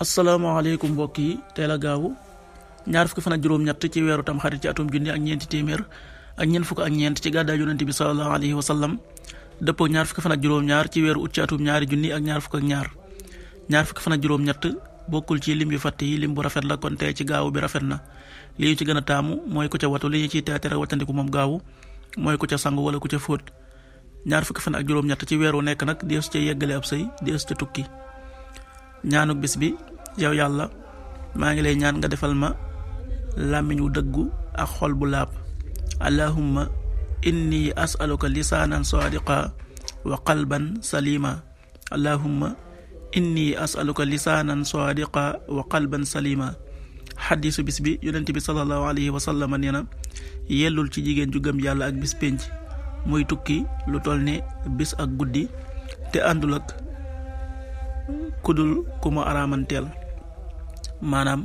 asalaamaaleykum mbokk yi teel a gaawu ñaar fukki fan ak juróom-ñett ci weeru tam xarit ci atum junni ak ñeenti téeméer ak ñeent fukk ak ñeent ci gàddaay yonent bi sallallahu alayhi wa sallam dëppoo ñaar fukki fan ak juróom-ñaar ci weeru ut ci ñaari junni ak ñaar fukk ak ñaar ñaar fukki fan ak juróom-ñett bokkul ci lim yu fatt yi lim bu rafet la kon tey ci gaaw bi rafet na li ñu ci gën a taamu mooy ku ca watu li ñu ciy teetere wattandiku moom gaawu mooy ku ca sangu wala ku ca fóot ñaar fukki fan ak juróom-ñett ci weeru nekk nag dees ca yeggale ab sëy dees ca tukki ñaanu bis bi yow yàlla maa ngi lay ñaan nga defal ma làmmiñ wu dëggu ak xol bu laab allahumma inni asaluka lisaanan saadiqa wa qalban salima allahumma inni asaluka lisaanan saadiqa wa qalban bis bi yonent bi salallahu alayhi wa sallam nee na yellul ci jigéen ju gëm yàlla ak bis pénc muy tukki lu toll ne bis ak guddi te àndul ak kudul ku mu araamanteel maanaam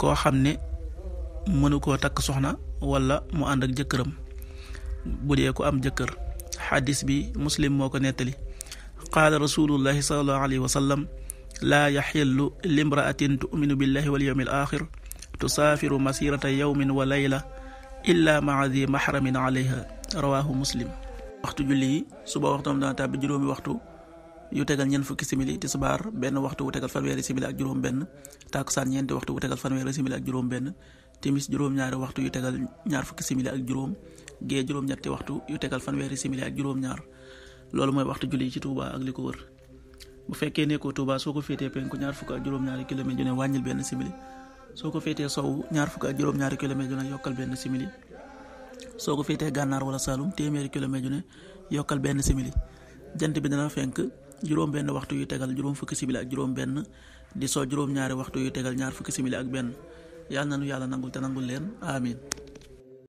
koo xam ne mënu koo takk soxna wala mu ànd ak jëkkëram bu dee ko am jëkkër xadis bi muslim moo ko nettali qaala rasulullahi salallahu alayhi wa sallam laa yaxillu limraatin tuminu billahi wal yawmi al axir tusaafiru masirata yawmin wa di mahramin alayha rawahu muslim waxtu julli suba waxtoom dana tàbbi juróomi waxtu yu tegal ñeent fukki simili tisbaar benn waxtu wu tegal fanweeri simili ak juróom-benn takkusaan ñeenti waxtu wu tegal fanweeri simili ak juróom-benn timis juróom-ñaari waxtu yu tegal ñaar fukki simili ak juróom gee juróom waxtu yu tegal fanweeri simili ak juróom-ñaar loolu mooy waxtu julli ci Touba ak li ko wër bu fekkee nekkoo Touba soo ko feetee penku ñaar fukk ak juróom-ñaari kilomètre yu ne wàññil benn simili soo ko féetee sow ñaar fukk ak juróom-ñaari kilomètre yu yokkal benn simili soo ko féetee gànnaar wala Saalum téeméeri kilomètre yu ne yokkal benn simili jant bi dana fenk juróom-benn waxtu yu tegal juróom fukki simili ak juróom-benn di soo juróom-ñaari waxtu yu tegal ñaar fukki simili ak benn yàlla na nu yàlla nangul te nangul leen amin